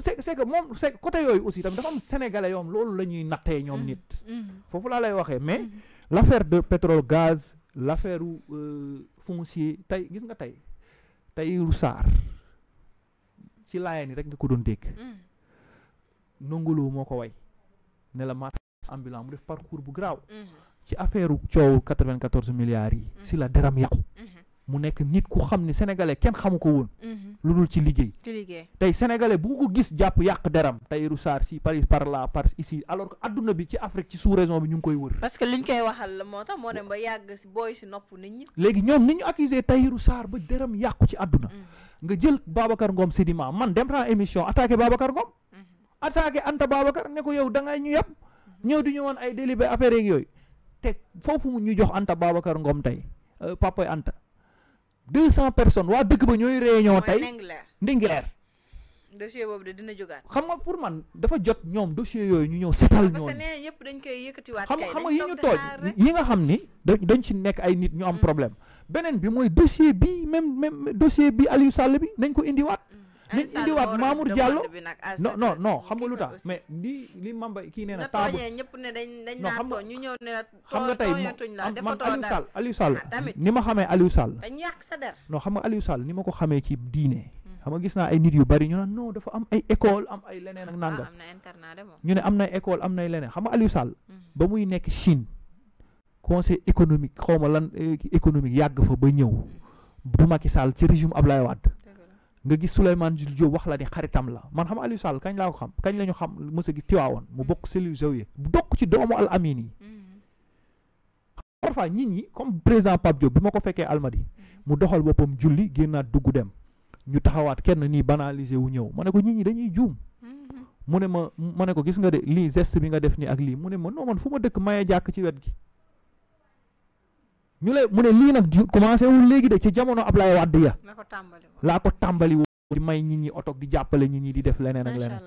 c'est c'est que moom c'est côté yooyu aussi tamit dafa am sénégalais yoom loolu la ñuy nattee ñoom nit mm-hmm. foofu laa lay waxee mais mm-hmm. lafaire de pétrole gaz l'affaire euh, foncier tey gis nga tey Tahirou Sarr ci laayeen yi rek nga ko doon dégg mm-hmm. nongoloo moo ko way ne la marché ambulant mu def parcours bu garaaw ci affaire coow 94 milliards yi si la deram yàqu mu nekk nit ku xam ne sénégalais kenn xamu ko woon. Mhm. lu dul ci liggéey. ci tey sénégalais bu ko gis jàpp yàq deram. Tahirou Sarr si Paris par là par ici alors que adduna bi ci Afrique ci sous-région bi ñu ngi koy wër. parce que liñ koy waxal la moo tax moo dem ba yàgg si booy si nopp nit ñi. léegi ñoom ni ñu accusé Tahirou Sarr ba deram yàqu ci adduna. Mhm. nga jël Babacar Ngom Sedima man dem naa émission attaqué Babacar Ngom. Mhm. attaqué Anta Babacar ne yow da ngay ñu yab. ñëw di ñu woon ay délibé affaire yeeg yooyu. te foofu mu ñu jox Anta Babacar Ngom tey euh, papay deux cent personnes waa dëkk ba ñooy réunion tey Ndingler dossier boobu de dina jógaat xam nga pour man dafa jot ñoom dossier yooyu ñu ñëw setal ñoom yëpp dañ koy yëkkatiwaat xam xam nga yi ñu tooj yi nga xam ni dañ ci nekk ay nit ñu am mm. problème beneen bi mooy dossier bi même même dossier bi Aliou Sall bi nañ ko indiwaat mm. nañ indiwaat Mamour Diallo non non non xam nga lu tax mais li li mamba kii nee na taabu non xam nga xam nga tey man Aliou Sall Aliou Sall ah, ni ma xamee Aliou Sall non xam nga Aliou Sall ni ma ko xamee ci diine hmm. xam nga gis naa ay nit yu bari ñu naan non dafa am ay école am ay leneen ak ah, nangam ñu ne am na école am nay leneen xam nga Aliou Sall hmm. ba muy nekk Chine conseil économique xaw ma lan eh, économique yàgg fa ba ñëw bu hmm. ki Sall ci régime Ablaye waat nga gis Souleymane Jules Diop wax la ne xaritam la man xam Aliou Sall kañ laa ko xam kañ la ñu xam mës a gis Tiwaawoon mu bokk cellule Zawiya bu bokk ci doomu al amin yi. Mm-hmm. parfois nit ñi comme président Pape Diop bi ma ko fekkee Almadi mm-hmm. mu doxal boppam julli génnaat dugg dem ñu taxawaat kenn nii banaliser wu ñëw ma ne ko nit ñi dañuy juum. Mm-hmm. mu ne ma ma ne ko gis nga de lii geste bi nga def nii ak lii mu ne ma non man fu ma dëkk maye jàkk ci wet gi. ñu lay mu ne lii nag commencé wul léegi de ci jamono ab Ablaye Wade ya laa ko tàmbali woon di may nit ñi oto di jàppale nit ñi di def leneen ak leneen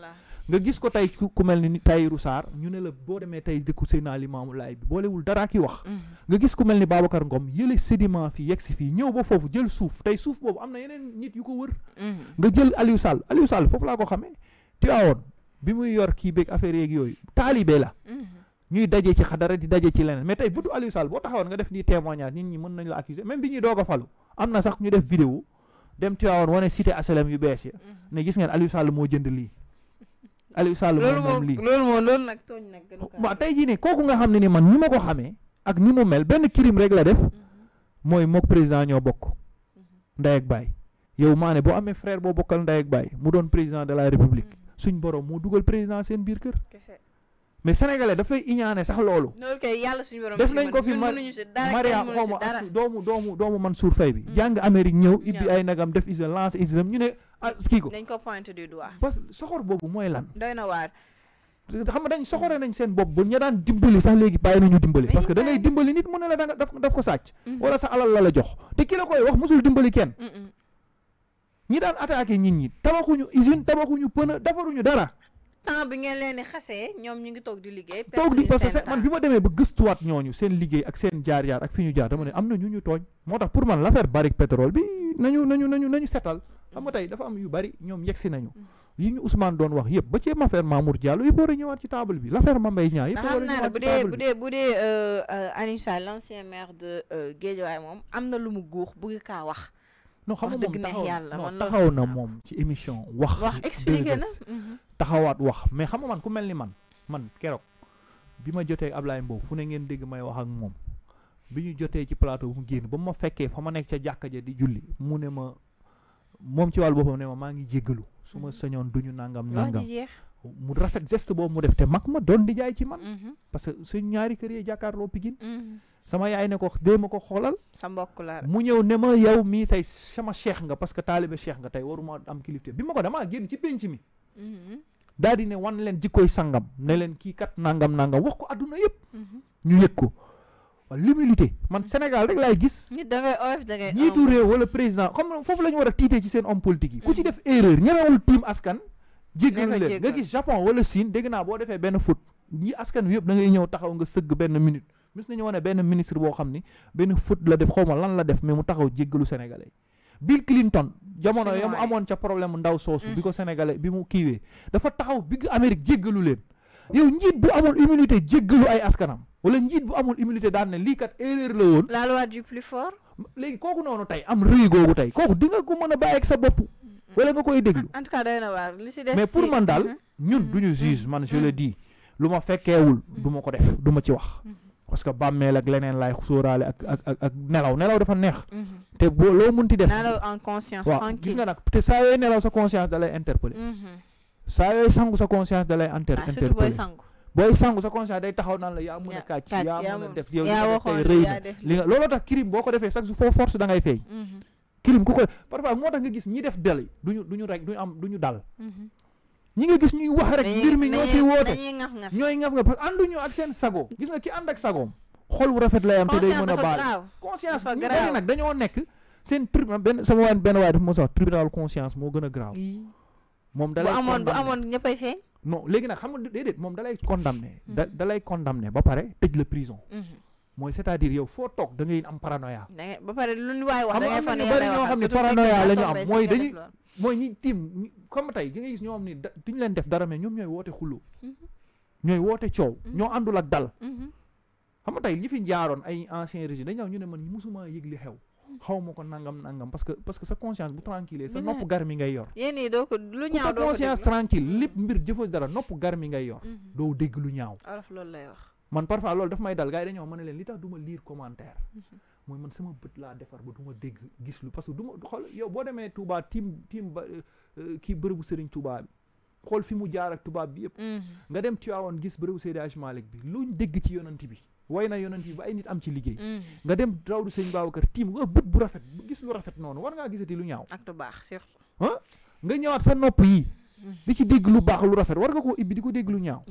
nga gis ko tey ku mel ni Tahirou Sarr ñu ne la boo demee tey dëkku Seydina Limaamu Laay bi boolewul dara ki wax mm-hmm. nga gis ku mel ni Babacar Ngom yële sédiment fi yegg si fii ñëw ba foofu jël suuf tey suuf boobu am na yeneen nit yu ko wër mm-hmm. nga jël Aliou Sall Aliou Sall foofu laa ko xamee Tiwaawoon bi muy yor kii beeg affaire yeeg yooyu taalibe la mm-hmm. ñuy daje ci xadara di daje ci leneen mais tey buddu Aliou Sall boo taxawoon nga def nii témoignage nit ñi mën nañ la accuser même bi ñuy doog falu am na sax ñu def vidéo dem Tiwaawoon wane cité HLM yu bees yi mm-hmm. ne gis ngeen Aliou Sall moo jënd lii Aliou Sall moo moom lii loolu moom loolu nag tooñ nag waaw tey jii ne kooku nga xam ne ni man ni ma ko xamee ak ni mu mel benn crime rek la def mm-hmm. mooy mook président ñoo bokk mm-hmm. ndey ak baay yow maa ne boo amee frère boo bokkal ndey ak baay mu doon président la république suñ borom moo dugal président seen biir kër mais sénégalais dafay iñaane sax loolu. loolu kay yàlla suñu borom def nañ ko fi Maria xawma ak doomu doomu doomu Mansour Faye bi. Mm. jàng Amérique ñëw ibbi ay nagam def islam lance islam ñu ne ah kii ko. ko pointé du doigt. que soxor boobu mooy lan. doy na waar. xam dañ soxore nañ seen bopp ba ña daan dimbali sax léegi bàyyi nañu dimbali parce que dangay ngay dimbali nit mu ne la danga daf ko sàcc mm-hmm. wala sa alal la la jox te ki la koy wax mosul dimbali kenn ñi daan attaqué nit ñi tabaxuñu usine tabaxuñu pneu defaruñu dara temps bi ngeen leen di xasee ñoom ñu ngi toog di liggéey. toog di parce que man bi ma demee ba gëstuwaat ñooñu seen liggéey ak seen jaar jaar ak fi ñu jaar dama ne am na ñu ñu tooñ. moo tax pour man l'affaire Barrick pétrole bi nañu nañu nañu nañu setal xam nga tey dafa am yu bari ñoom yegsi nañu. Mm. yi ñu Ousmane doon wax yëpp ba ci affaire Mamour Diallo yëpp war a ñëwaat ci table bi l'affaire Mame Mbaye Niang yëpp war a ñëwaat ci table bi xam naa bu dee bu dee bu dee Alioune Sall l'ancien maire de euh, Guédiawaye moom am na lu mu guux bëgg kaa wax non xam nga moom taxaw na ah. moom ci émission wax. wax expliqué na mhm. taxawaat wax mais xam nga man ku mel ni man man keroog bi ma jotee ab Ablaye Mbow fu ne ngeen dégg may wax ak moom bi ñu jotee ci plateau mu génn ba mu ma fekkee fa ma nekk ca jàkka ja di julli mu ne ma moom ci wàllu boppam ne ma maa ngi jéggalu su ma mhm. sañoon duñu nangam nangam. mu rafet geste boobu mu def te mag ma doon di jaay ci man. Mhm. parce que ñaari kër yi jàkkaarloo Pikine sama yaay ne ko dee ma ko xoolal. sa mbokk la mu ñëw ne ma yow mii tey sama cheikh nga parce que taalibe cheikh nga tey waruma am kilifte bi ma ko damaa génn ci pénc mi. Mm-hmm. daal di ne wan leen jikkooy sangam ne leen kii kat nangam nangam wax ko adduna yëpp. Mm-hmm. ñu yëg ko l'humilité man Sénégal rek laay gis. nit da da ngay njiitu réew wala président comme foofu la ñu war a ci seen homme politique yi. ku ci mm-hmm. def erreur ñemewul tiim askan. jéggal leen nga gis Japon wala siin dégg naa boo defee benn foot ñi askan yëpp da ngay ñëw taxaw nga sëgg benn minute. mis nañu ne benn ministre boo xam ni benn foot la def xaw ma lan la def mais mu taxaw jéggalu sénégalais Bill Clinton jamono ya mu amoon ca problème ndaw soosu mm. bi ko sénégalais bi mu kiiwee dafa taxaw bigg Amérique jéggalu leen yow njiit bu amul immunité jéggalu ay askanam wala njiit bu amul immunité daan ne lii kat erreur la woon. la loi du plus fort. léegi kooku noonu tey am rëy googu tey kooku di nga ko mën a bàyyi ak sa bopp. wala nga koy déglu en tout li ci des mais man daal mm-hmm. ñun du ñu juge mm-hmm. man je mm-hmm. le dis lu ma fekkeewul du ma ko def du ma ci wax. parce que bàmmeel ak leneen laay sóoraale ak ak ak ak nelaw nelaw dafa neex. Mhm. te boo loo munti def. nelaw en conscience waaw gis nga nag te saa yooyu nelaw sa conscience da lay mhm. saa yooyu sangu sa conscience da lay. Ah, booy sangu. sa conscience day taxaw naan la yaa mën a kàcc. yaa mën a def yow rëy li nga looloo tax crime boo ko defee chaque foo force da feeñ. Mhm. crime ku ko parfois moo tax nga gis ñi def del duñu duñu rek duñu am dal. ñi nga gis ñuy wax rek mbir mi ñoo ciy woote ñooy ngaf nga parce que ànduñu ak seen sago gis nga ki ànd ak sagoom xol wu rafet la yam te day mën a baal conscience ñu bari nag dañoo nekk seen tribunal benn sama waay benn waay dafa mos a conscience moo gën a grave moom dalay bu amoon bu amoon ñëppay feeñ non léegi nag xam nga déedéet moom dalay condamné da dalay condamné mm-hmm. ba pare tëj la prison mm-hmm. moy c'est-à-dire yow fo tok da ngay am paranoia. ba pare lu ñu way wax da ngay fan bari ñoo xam ne paranoia la ñu am moy dañuy moy ñi tim comme tay gi nga gis ñoo ni duñ leen def dara mais ñoom ñoy woté xulu ñoy woté ciow ñoo andul ak dal xam tay tey ñi fi jaaron ay ancien régime dañ ñaw ñu ne man musuma yëg li xew xaw ko nangam mhm. nangam parce que parce que sa conscience bu tranquille sa nopp garmi ngay yor yeen ni doo ko lu ñaaw doo ko conscience tranquille lépp mbir jëfoo dara nopp gar ngay yor mhm. do dégg lu ñaaw lool lay wax man parfois loolu daf may dal gaa yi dañoo mën a leen li tax duma liir lire commentaire mooy man sama bët laa defar ba du dégg gis lu parce que duma ma xool yow boo demee Touba tiim tiim ba euh, euh, kii bërëbu Serigne Touba xool fi mu jaar tubaab bi yëpp mhm. nga dem Tiwaawoon gis bërëbu Seydi Hadji Malick bi lu dégg ci yonant bi way na yonant bi ba ay nit am ci liggéey mhm. nga dem rawdu Sëñ Babacar tiim nga bët bu rafet gis lu rafet noonu war ngaa gisati lu ñaaw ak baax surtout nga ñëwaat sa nopp yi mhm. di ci dégg lu baax lu rafet war nga koo ibbi di ko dégg lu ñaaw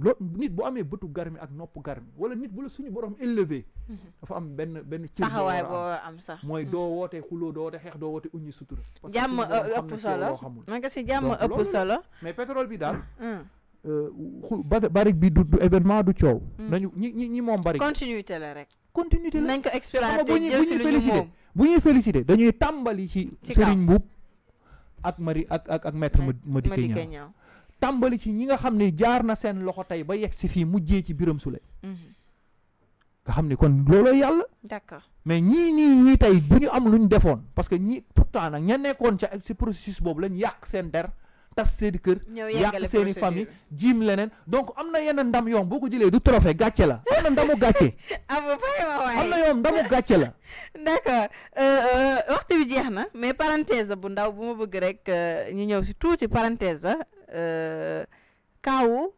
loolu nit bu amee bëtu garmi ak nopp garmi wala nit bu la suñu borom élevé mhm. dafa am benn benn cër taxawaay am sax mooy mhm. doo wootee xuloo doo wootee xeex doo wootee uñu sutura jàmm ëpp solo xamul si jàmm ëpp solo mais pétrole bi daal mhm. euh, xu barik bi du événement du coow nañu ñi ñi ñi moom barik continuité la rek continuité la nañ ko exploité ñu moom bu ñuy félicité dañuy tàmbali ci Serigne Mboup ak Marie ak ak ak maître Madické Niang tàmbali ci ñi nga xam ne jaar na seen loxo tey ba yeg si fii mujjee ci biram Souleye mhm. nga xam ne kon looloo yàlla d'accord mais ñii nii ñii tey bu ñu am lu ñu defoon parce que ñi pourtant nag ña nekkoon ca si processus boobu lañ yàq seen der tas seen i kër yàq seen i famille jiim leneen donc am na yenn ndam yoom boo ko jëlee du trophée gàcce la am na ndamu gàcce am na yoom ndamu gàcce la d'accord euh, euh, waxtu bi jeex na mais parenthèse bu ndaw bu ma bëgg rek euh, ñu ñëw si tuuti parenthèse kaawu